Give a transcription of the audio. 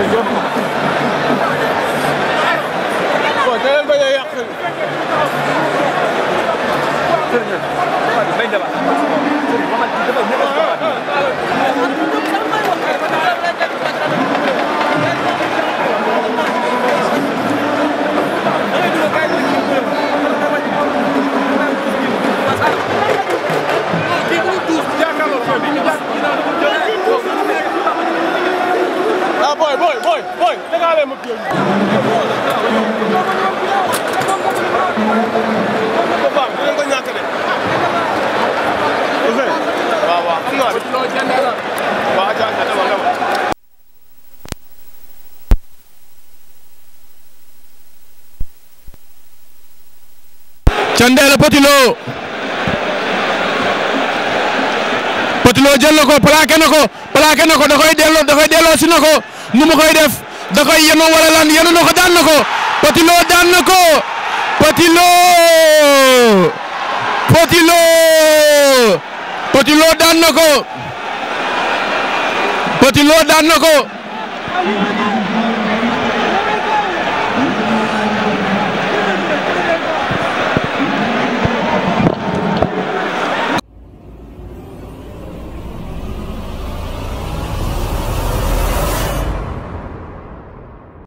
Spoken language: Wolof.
jëm bon da leen bañ a yàq Boy, boy, take out him. Candela Petit Lo Petit Lo jël na ko plaqué na ko plaqué ko nu mu koy def da koy yenu wala lan yenu na ko daan na ko Petit ko Petit Lo Petit Lo Petit ko Petit Lo daan ko